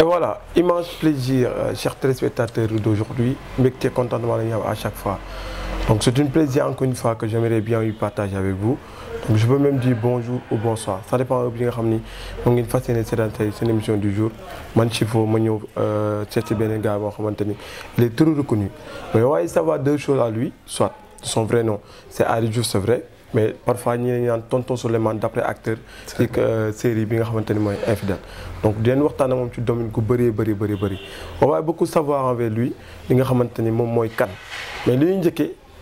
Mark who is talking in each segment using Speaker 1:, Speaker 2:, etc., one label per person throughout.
Speaker 1: Et voilà immense plaisir euh, chers téléspectateurs d'aujourd'hui mais tu content de de voir à chaque fois donc c'est un plaisir encore une fois que j'aimerais bien y partager avec vous. Donc je peux même dire bonjour ou bonsoir. Ça dépend de bien ramener. Donc une fois c'est une émission du jour. Man Manio, c'est bien gars Il est très reconnu. Mais on va savoir deux choses à lui. Soit son vrai nom, c'est Ari c'est vrai. mais parfois y a un tonton les d' d'après acteur. c'est euh, série bi nga xamante ni infidèle donc di leen waxtaan ak moom ci beaucoup, ku bëree bëri bëri on va beaucoup savoir envers lui li nga xamante ni moom mooy mais lui, ñu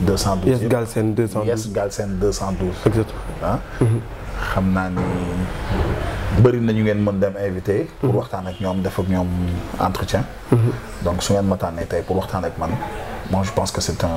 Speaker 2: 212 Yes Galsen 212 Yes Galsen 212. exactement ah. xam naa ni beaucoup nañu gens mën dem invité. pour waxtaan ak ñoom def ak ñoom entretien. Mhm. donc su ngeen ma tànnee pour waxtaan ak man moi je pense que c'est un.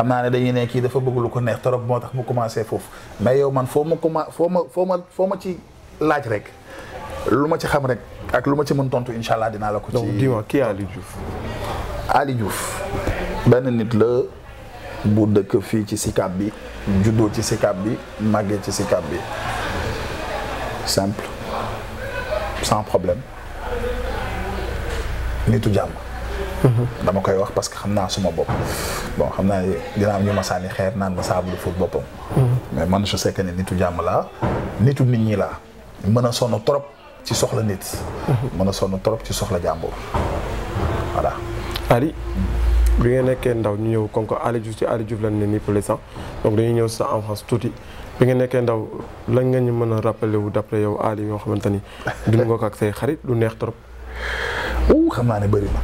Speaker 2: xam naa ne dañuy ne kii dafa bëgg ko neex trop moo tax mu commencé foofu mais yow man foo ma commen foo ma foo foo ma ci laaj rek lu ma ci xam rek ak lu ma ci mën tontu incha allah dinaa la ko. ci donc dis-moi qui est benn nit la bu dëkk fii ci Sicap bi juddoo ci Sicap bi màggee ci Sicap bi simple sans problème nitu jàmm. dama koy wax parce que xam naa suma bopp bon xam naa dinaa am ñu ma sànni xeer naan ma saablu ful boppam mais man je sais que nitu jàmm nitu nit ñi laa mën a sonn trop ci soxla nit mën a sonn trop
Speaker 1: ci soxla jàmbur voilà Ali bi nga nekkee ndaw ñu ñëw comme que Aliou ci Aliou Diouf la ne nii pour l'instant dañuy ñëw sa enfance tuuti bi nga nekkee ndaw lan nga ñu mën a rappelé wu d'après yow Ali yoo xamante ni dund nga ak say xarit lu neex trop. wuu xam naa ne bëri na.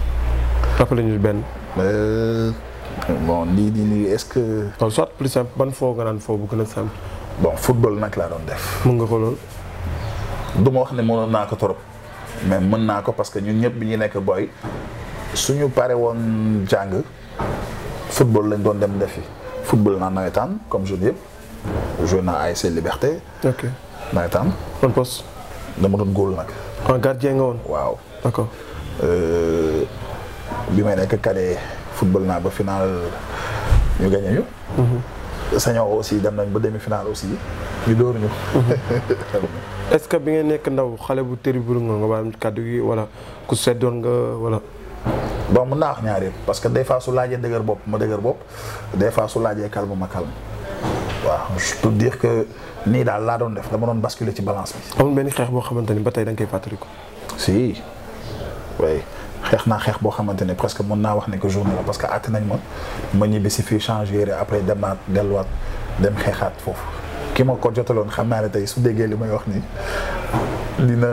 Speaker 1: rappelé ben euh,
Speaker 2: bon ni ni ni est-ce que. en soit plus simple bonne fois nga fois foo bu simple. bon football n'a que la def. mën nga ko lool. du ne m'en naa ko trop. mais mën naa ko parce que ñun ñëpp bi ñu nekk boy suñu pare woon jungle football lañ doon dem defi. football naa nawetaan comme je dis je n'ai pas essayé Liberté. ok nawetaan. ban poste. de mon góol un ah, gardien nga woon. waaw d'accord. Euh, bi may nekk football na ba final ñu gagné ñu. Mhm. sañoo aussi dem nañ ba demi final aussi ñu door ñu. Mhm.
Speaker 1: est-ce que bi nga nek ndaw xalé bu terrible nga nga baam kaddu gi wala ku seddoon nga wala. ba mu naa wax parce que des fois su laaje deuguer bop ma deuguer bop
Speaker 2: des fois su laaje calme ma calme waaw je peux dire que ni dal la doon def dama doon basculer ci balance
Speaker 1: bi. amul ben xex bo xamanteni batay dang kay si
Speaker 2: oui. xeex naa xeex boo xamante ne presque mën naa wax ne que journée la parce que àtte nañ ma ma ñibbi si fii changer après dem naa delluwaat dem xeexaat foofu ki ma ko jotaloon xam naa ne tey su déggee li may wax nii dina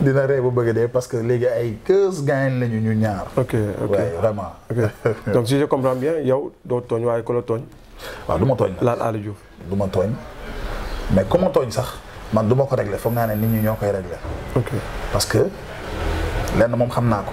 Speaker 2: dina ree bu bëgg dee parce que léegi ay quinze gaañ lañu ñu ñaar. ok ok waaye vraiment. ok donc
Speaker 1: si je comprends bien yow doo tooñ waaye ko la tooñ. waaw du ma tooñ. laal Aliou Diouf du ma tooñ mais ku ma tooñ
Speaker 2: sax man du ma ko réglé foog naa ne nit ñi ñoo koy réglé. ok parce que lenn moom xam naa ko.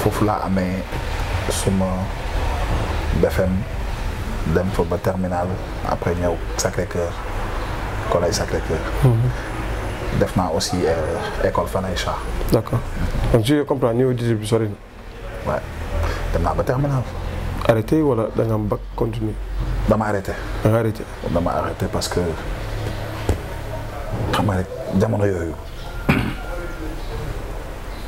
Speaker 2: foofu amé amee suma BFM dem fo ba terminal après ñew Sacré-Cœur collège Sacré-Cœur.
Speaker 1: Mhm.
Speaker 2: def aussi euh, école Fanaïcha.
Speaker 1: d'accord donc je comprends niveau 18 bi sori Ouais. dem ba terminal. arrêté wala da nga am bac continuer. dama arrêté. arrêté. dama arrêté parce que xam nga jamono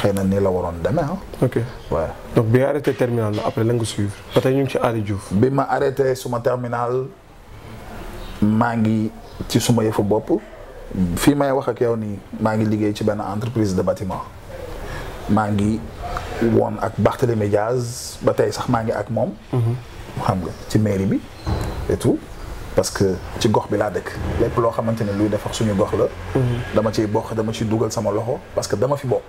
Speaker 2: xëy na nii la waroon demee ah. ok waaw
Speaker 1: donc bi nga arrêté terminal la après la nga suivre ba tey ñu ngi ci Aly Diouf. bi ma
Speaker 2: arrêté suma terminal maa ngi ci suma yëfu bopp fii may wax ak yow nii maa ngi liggéey ci benn entreprise de bâtiment maa ngi woon ak Barthélémy Diaz ba tey sax maa ngi ak moom. xam nga ci mairie bi et tout. parce que ci gox bi laa dëkk lépp loo xamante ne luy defar suñu gox la. dama ciy bokk dama ciy dugal sama loxo parce que dama fi bokk.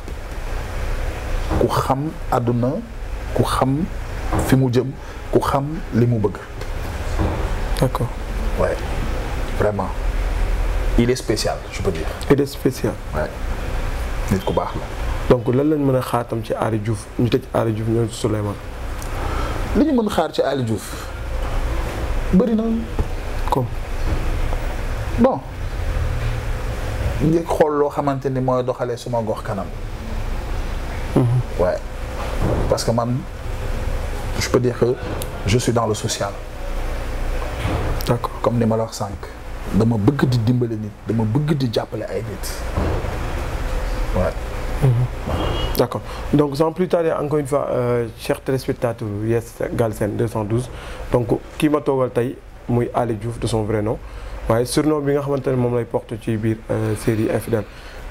Speaker 2: ku xam aduna ku xam fi mu jëm ku xam li d'accord. ouais vraiment il est spécial je peux dire.
Speaker 1: il est spécial. ouais nit ku la. donc lan lañ mëna a ci Aly Diouf ñu tej Aly Diouf ñoom li ñu mëna xaar ci Diouf na comme
Speaker 2: bon. ñi xol lo xamanteni moy doxale suma gox kanam. Ouais. Parce que même, je peux dire que je suis dans le social. D'accord. Comme les malheurs 5. Je veux di dimbali nit, suis bëgg di jappalé ay
Speaker 1: Ouais. Mhm. D'accord. Donc, sans plus tarder, encore une fois, cher euh, chers téléspectateurs, Yes Galsen 212. Donc, qui m'a togal tay, Ali Diouf de son vrai nom. Ouais, surnom bi nga xamantene mom lay porte euh, série Infidèle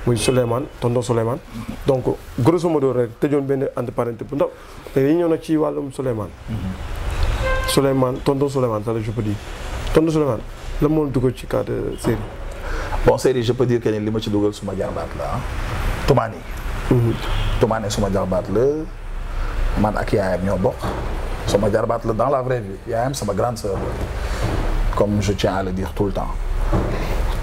Speaker 1: muy Souleymane tonton Souleymane donc grosso modo rek tëjoon benn entre parenté bu ndaw te dañu ñëw nag ci walum Souleymane. Souleymane tonton Souleymane ça je peux dire tonton Souleymane la moo dugal ci cadre série.
Speaker 2: bon série je peux dire que ni li ma ci dugal suma jarbaat la ah Toumani. suma jarbaat la man ak yaayam ñoo bok suma jarbaat dans la vraie vie yaayam sama grande sœur comme je tiens à le dire tout le temps.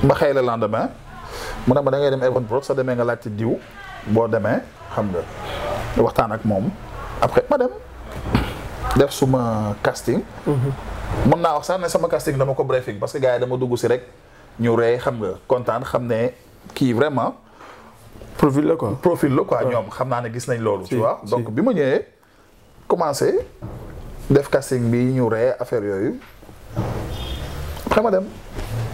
Speaker 2: ma xëy la lendemain mu ne ma da ngay dem Evenprod sa demee nga laajte diw boo demee xam nga waxtaan ak moom après ma dem def suma casting. Mm-hmm. mën naa wax sax ne sama casting dama ko briefing parce que gars yi dama dugg si rek ñu rey xam nga kontaan xam ne kii vraiment. profil la quoi profil la ñoom xam naa ne gis nañ loolu. si waa donc bi ma ñëwee commencé def casting bi ñu rey affaire yooyu après ma dem.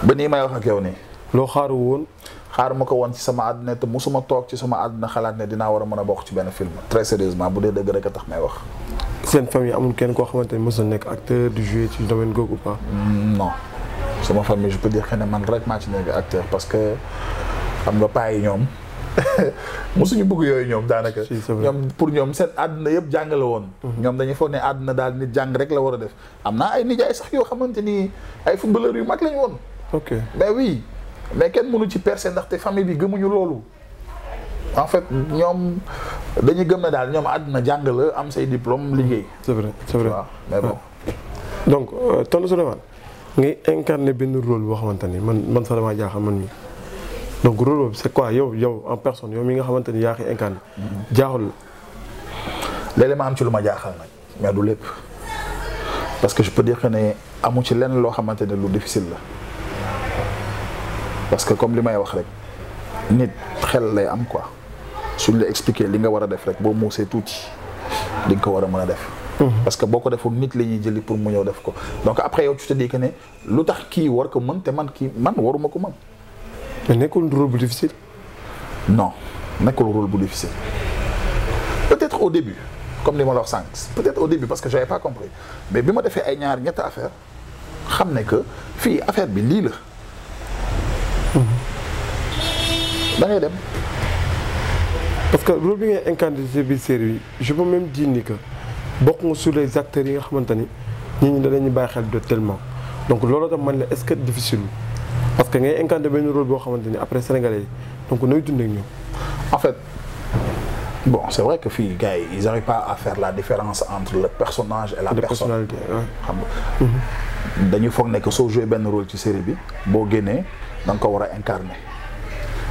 Speaker 2: ba nii may wax ak yow nii. loo xaaru woon. xaar ma ko woon ci sama àdduna te musuma toog ci sama àdduna xalaat ne dinaa war a mën a bokk ci benn film très sérieusement bu dee dëgg rek a tax may wax.
Speaker 1: seen famille amul kenn koo xamante ni mos na nekk acteur du jouer ci domaine googu ou pas. non
Speaker 2: sama famille je peux dire que ne man rek maa ci nekk acteur parce que xam nga paa yi ñoom mosuñu bëgg yooyu ñoom daanaka. ñoom pour ñoom seen àdduna yëpp jàng la woon. ñoom dañuy foog ne àdduna daal nit jàng rek la war a def am naa ay nijaay sax yoo xamante ni ay footballeur yu mag lañu woon. ok ben oui mais kenn mënu ci percer ndaxte famille bi gëmuñu loolu. en fait ñoom dañuy gëm na dal ñoom àdduna jàng la am say diplôme liggéey.
Speaker 1: c'est vrai c'est vrai waaw mais bon. donc euh, Tonton Souleymane ngay incarner benn rôle boo xamante ni man man sax damaa jaaxal man donc rôle c'est quoi yow yow en personne yow mi nga xamante ni yaa ngi incarné mm-hmm. jaaxul la. léeg ma am ci lu ma jaaxal
Speaker 2: mais du lépp parce que je peux dire que ne amu ci lenn loo xamante ne lu difficile la parce que comme limay wax rek nit xel lay am quoi suñ la expliquer li nga wara def rek bo muusee tuuti di ko wara a def. Mhm. parce que boko ko deful nit la ñuy jëli pour mu ñëw def ko donc après yow tu te dis que né lutax tax kii war ko mën te man ki man waruma ko mën. mais nekkul rôle bu difficile. non nekkul rôle bu difficile peut-être au début comme les ma la peut-être au début parce que j'avais pas compris mais bi ma defee ay ñaar ñett affaire xamné ne que fi affaire bi li la. dem.
Speaker 1: parce que rôle bi ngay incarné ci série bi je peux même dire ni que bokk sur les acteurs yi nga xamante ni nit ñi danañu bàyyi xel de tellement donc looloo tax man la est-ce que difficile parce que ngay incarné benn rôle boo xamante après sénégalais donc nooy dund ak ñoom. en fait bon c'est vrai que fii gars yi ils n'arrivent pas à faire la différence entre
Speaker 2: le personnage et la de personne
Speaker 1: xam
Speaker 2: nga dañu foog ne que soo joué benn rôle ci série bi boo génnee da nga ko war incarné.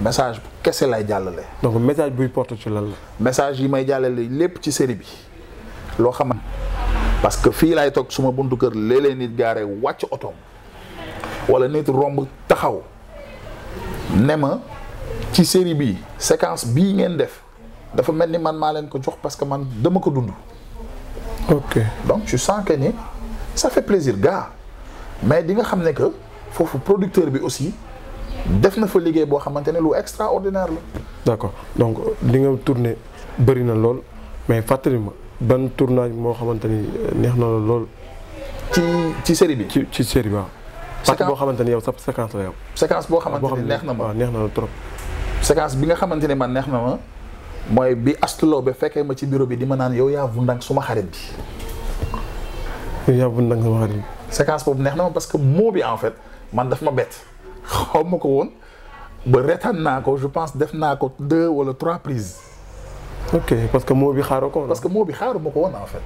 Speaker 1: message qu'est-ce lay jàllale. donc message buy porte ci lan message il may dit les ci série bi loo xam
Speaker 2: parce que fi lay tok suma buntu keur léeg nit garé wacc otoom wala nit romb taxaw nema ci série bi séquence bi ngeen def dafa melni man maa leen ko jox parce que man dama ko dund. ok donc je sens que ça fait plaisir gars mais di nga xamné que fofu producteur bi aussi. def na fa liggéey bo xamantene lu extraordinaire la.
Speaker 1: d'accord donc li nga tourner bari na lool mais fàttali ma ban tournage mo xamantene neex na lool. ci ci série bi. ci série ba parce bo xamantene yow sa séquence la yow. séquence bo xamantene neex na ma neex na trop. séquence bi nga xamantene
Speaker 2: man neex na ma moy bi astuloo be fekke ma ci bureau bi di ma nan yow yaa vundang suma xarit bi.
Speaker 1: ya yaa vundang suma xarit
Speaker 2: séquence bobu neex na ma parce que mot bi en fait man daf ma bête xaw ma ba reetaan je pense def naa ko deux wala trois prises. ok parce que moo bi xaaru ko parce que moo bi xaaru ma en fait.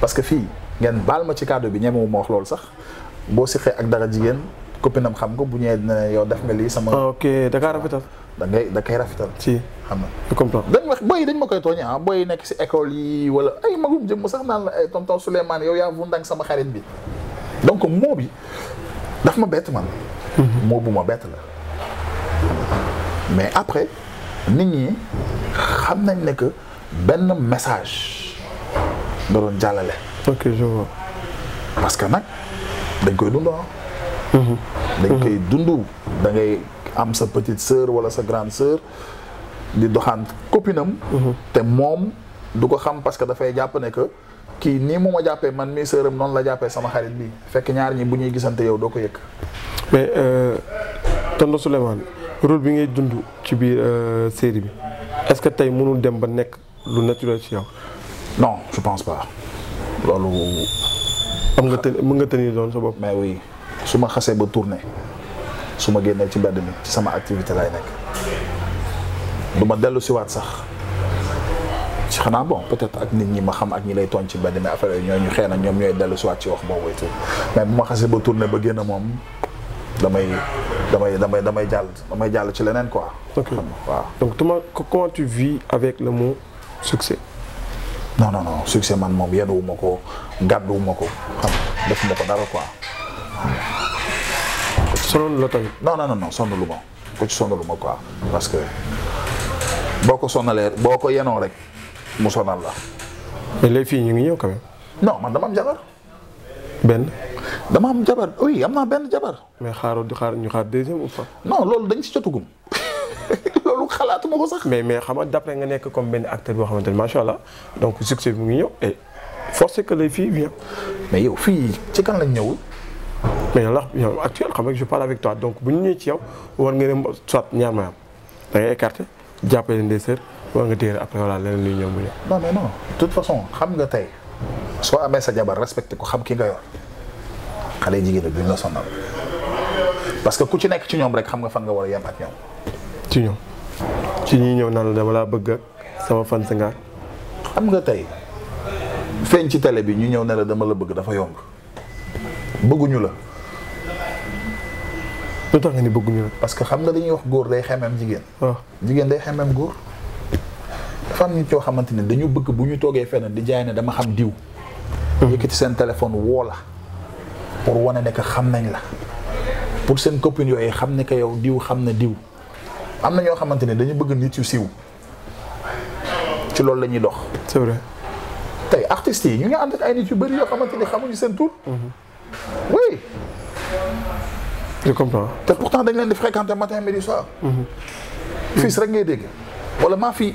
Speaker 2: parce que fi ngeen bal ma ci cadeau bi ñemewu mo wax loolu sax bo si xee ak dara jigen copine am xam nga bu ñëwee dina yow def nga li sama. Ah, ok da kaa rafetal. da ngay da kay rafetal. ci xam nga. je comprends dañ wax booy dañ ma koy tooñee ah boy nek ci école yi wala ay magum jëm sax naan la ay eh, tonton Souleymane yow yaa vundang sama xarit bi donc mo bi daf ma bett man moo bu ma bett la mais après nit ñi xam nañ ne que benn message da doon jàllale. ok je vois. parce que nag dañ koy dund ah. Mm-hmm. dañ koy mm-hmm. dund da ngay am sa petite sœur wala sa grande sœur di doxaan copinam mm-hmm. te moom du ko xam parce que dafay jàpp ne que. kii nii mu ma jàppee man mii sëram noonu la jàppee sama xarit bi fekk ñaar ñi bu ñuy gisante yaw doo ko yëkk
Speaker 1: mais euh, tonton Souleymane rôle bi ngay dund ci biir euh, série bi est-ce que tey mënul dem ba nekk lu naturel ci yow. non je pense pas loolu. am nga tën mën nga tënir doon sa bopp. mais oui su ma xasee ba tourné
Speaker 2: su ma génnee ci mbedd mi ci sama activité lay nekk du ma dellu siwaat sax. ci xanaa bon peut-être ak nit ñi ma xam ak ñi lay tooñ ci mbedd mi affaire yooyu ñooñu xëy na ñoom ñooy dellu ci wax bo boobu it mais bu ma xasee ba tourner ba génn mom damay damay damay damay jall damay jall ci leneen quoi. ok waaw
Speaker 1: donc tu comment tu vis avec le mot succès. non non non succès man mom yenn wu ma
Speaker 2: ko gàddu wu ko xam def ma ko dara quoi. sonal la tamit. non non non lu bon ko ci sonalu ma quoi parce que boko ko sonalee boo ko rek mais
Speaker 1: les filles sont quand même. non man dama am jabar. oui am mais xaaral di xaar deuxième ou non c'est dañ pas mais mais sais, d'après nga comme Ben acteur Mohamed xamante donc succès et force que les filles viennent. mais les filles, c'est quand lañ ñëwul. mais là, actuellement, je parle avec toi donc bu tu es là, tu war nga Tu es tu des sœurs waa nga téere après voilà leneen luy ñëw bu ñëw.
Speaker 2: non mais non de toute façon xam nga tey soo amee sa jabar respecté ko xam ki nga yor xale jigéen bi ñu la sonal parce que ku ci xam nga
Speaker 1: sama fan sa nga xam nga tey feeñ ci
Speaker 2: télé bi ñu ñëw ne la dama la bëgg dafa yomb bëgguñu la. lu tax nga ni bëgguñu la. dañuy wax góor day xemem jigéen. waaw oh. day xemem góor. fan nit yoo xamante ne dañu bëgg bu ñu toogee fenn di jaay ne dama xam diw. ci hmm. seen téléphone woo la pour wone ne xam nañ la pour seen copine yooyu xam ne que yow diw xam na diw am na ñoo xamante ne dañu bëgg nit yu siw ci loolu la ñuy dox. c'est vrai yi ñu ngi ànd ak ay nit yu bëri yoo xamante ne xamuñu seen tur. Hmm. oui. je comprends. te pourtant dañ leen di fréquenter matin midi soir. Hmm. fii rek ngay dégg wala maa fii.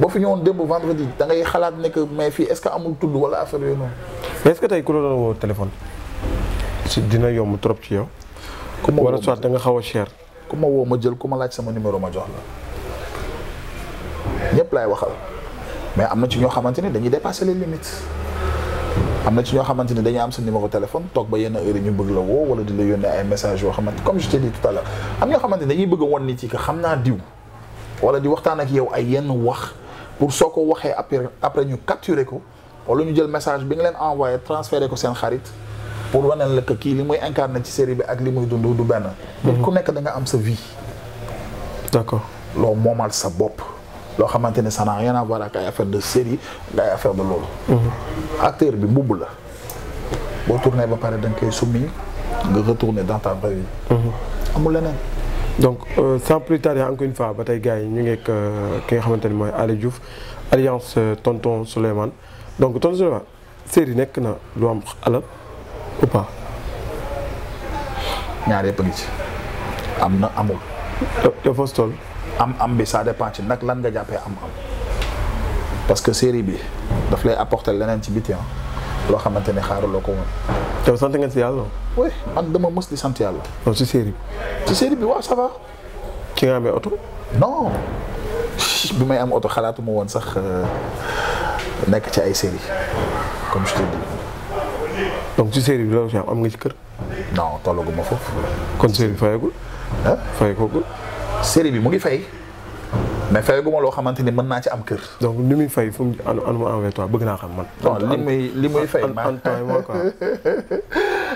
Speaker 2: boo fi vendredi da ngay que mais fii est-ce que amul tout wala affaire
Speaker 1: est-ce que tu as la téléphone. si dina yomb trop ci yow. tu ma woo da nga cher. Comment
Speaker 2: numéro ma jox la
Speaker 1: mais il y ci des gens dépasser les limites.
Speaker 2: Il y ci des gens qui dañuy am sa numéro téléphone toog ba yenn heure ñu bëgg la message comme je t'ai dit tout à l'heure am y dañuy bëgg a won que xam diw wala di waxtaan ak yow ay pour soo ko après après ñu capturer ko wala ñu jël message bi nga leen envoyé transférer ko sen xarit pour waneen le que kii li muy incarné ci série bi ak li muy dund du ben ku nek da nga am sa vie. d'accord loo moomal sa bop lo xamante ne ça n'a rien à voir ak affaire de série ak affaire de lolu mhm. acteur bi bubu la. bo tourner ba paré dang kay koy nga retourner dans ta vraie vie. Mhm. amul leneen
Speaker 1: donc euh, sans plus tarder encore une fois ba tey gars yi ñu ngeeg euh, ki nga xamante ne alliance euh, tonton Souleymane donc tonton Souleymane série nekk na lu am alal ou pas.
Speaker 2: ñaar yëpp a ngi ci am na amul.
Speaker 1: dafa toll. am am bi ça dépend ci nag
Speaker 2: lan nga jàppee am parce que série bi daf lay apporter leneen ci biti ah, loo xamante ne xaaruloo ko woon. te sant nga si yàlla. oui man dama mës di sant yàlla. non oh, ci bi. ci série bi waaw ça va. ci nga amee oto. non bi may am oto xalaatuma woon sax euh, nekk ci ay série comme
Speaker 1: je te donc ci série bi loolu ci am am nga ci kër. non
Speaker 2: tollaguma foofu.
Speaker 1: kon série bi fayagul. ah fayagul. bi mu ngi fay. mais fayaguma loo xamante ni mën naa ci am kër. donc li muy fay fu mu anu anu bëgg naa xam man. non li muy fay. en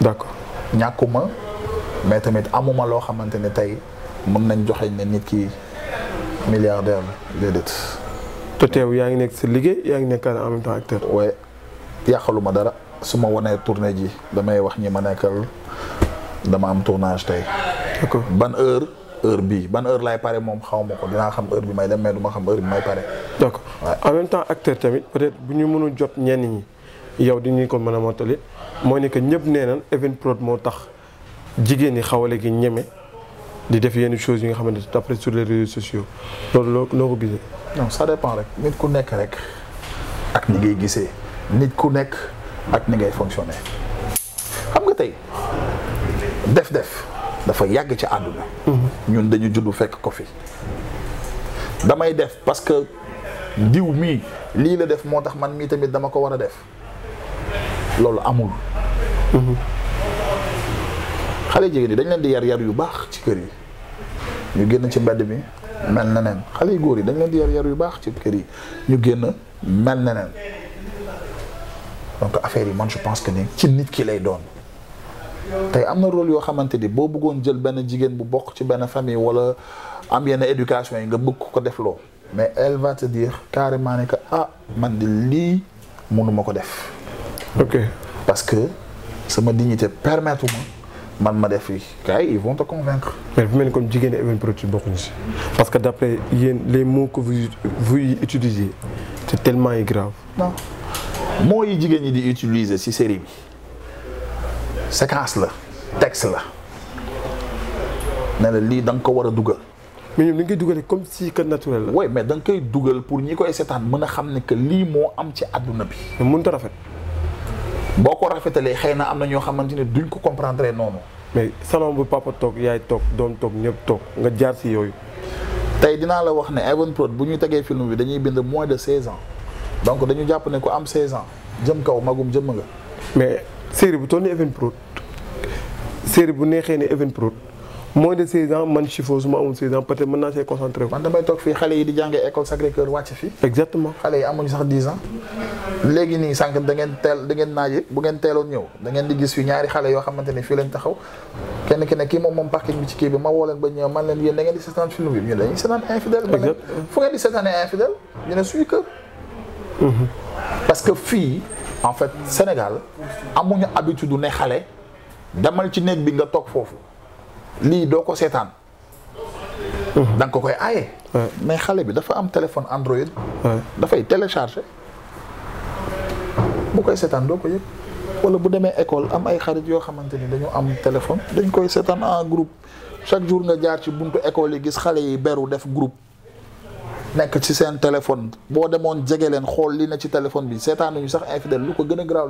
Speaker 2: d'accord ñàkkuma mais tamit amuma loo xamante ne tey mën nañ joxe ne nit ki milliardaire la déedéet.
Speaker 1: te teew yaa ngi nekk sa liggéey yaa ngi nekk en même temps acteur. waaye
Speaker 2: yàqaluma dara su ma wanee tournée ji damay wax ñi ma nekkal dama am tournage tey. d'accord ban heure heure bi ban heure laay pare moom xaw ma ko dinaa xam heure bi may dem mais du ma xam heure bi may pare.
Speaker 1: d'accord en acteur tamit peut-être bu ñu mënul jot ñenn ñi yow di ñu ko mën a mottali. mooy ne que ñëpp nee nañ Evenprod moo tax jigéen ñi xawale gi ñeme di def yenn chose yi nga xamante ne après sur les réseaux sociaux loolu loo loo ko gisee.
Speaker 2: non ça dépend rek nit ku nekk rek ak ni ngay gisee nit ku nekk ak ni ngay fonctionner xam nga tey def-def dafa yàgg ci àdduna. Mm-hmm. ñun dañu juddu fekk ko fi. damay def parce que diw mii lii la def moo tax man mii tamit dama ko war a def. loolu amul. Mhm. xale jigéen yi dañ leen di yar yar yu baax ci kër yi ñu génn ci mbedd mi mel na neen xale yu góor yi dañ leen di yar yar yu baax ci kër yi ñu génn mel na neen donc affaire yi man je pense que ni ci nit ki lay doon. te am na rôle yoo xamante ni boo bëggoon jël benn jigéen bu bokk ci benn famille wala am yenn éducation yi nga bëgg ko defloo mais elle va te dire carrément ne que ah man di lii mënuma ko def. ok parce que m'a dignité permettre ma man ma def yi gars ils vont te convaincre.
Speaker 1: mais vous me comme jigéen Even Prod bokkuñu si parce que d'après les mots que vous vous utilisez c'est tellement grave. non mots yi
Speaker 2: di utiliser si série bi séquence là texte là na le lii ko wara dougal
Speaker 1: mais ni dañ koy comme si que naturel
Speaker 2: oui mais dang kay dougal pour ni ko seetaan mën a que li mo am ci aduna bi. mais mënut a rafet. boo ko rafetalee xëy na am na ñoo
Speaker 1: xamante ne duñ ko comprendre noonu. mais salon bu papa toog yaay toog doom toog ñëpp toog nga jaar si yooyu. tey dinaa la wax ne Evenprod
Speaker 2: bu ñu tegee film bi dañuy bind mois de seize ans donc dañu jàpp ne ku am seize ans jëm kaw
Speaker 1: magum jëmm nga. mais série bu toll ni Evenprod série bu neexee ni Evenprod moins de 16 ans man chiffreusement su 16 ans peut être maintenant c'est concentré wu. man damay tok fi xalé yi di
Speaker 2: jàngee école Sacré Cœur wàcc fii. exactement xalé yi amuñu sax 10 ans. légui ni sànq da ngeen tel da ngeen naaji bu ngeen teeloon ñew da ngeen di gis fi ñaari xalé yo xamante fi fii lañ taxaw kenn ki ne kii moom moom parking bi ci kii bi ma woo ba ñew man leen yeen da ngeen di seetaan film bi ñu dañuy seetaan infidèle. exactement fu ngeen di seetaanee infidèle ñu ne suñu kër. Mhm. parce que fi en fait Sénégal amuñu habitude ne xalé damal ci néeg bi nga tok fofu lii doo ko seetaan. da ko koy aaye. mais xale bi dafa am téléphone Android. dafay télécharger. bu koy seetaan doo ko yëg wala bu demee école am ay xarit yoo xamante ni dañu am téléphone dañ koy seetaan en groupe chaque jour nga jaar ci buntu école yi gis xale yi beru def groupe. nekk ci seen téléphone boo demoon jege leen xool li na ci téléphone bi seetaanuñu sax infidèle lu ko gën a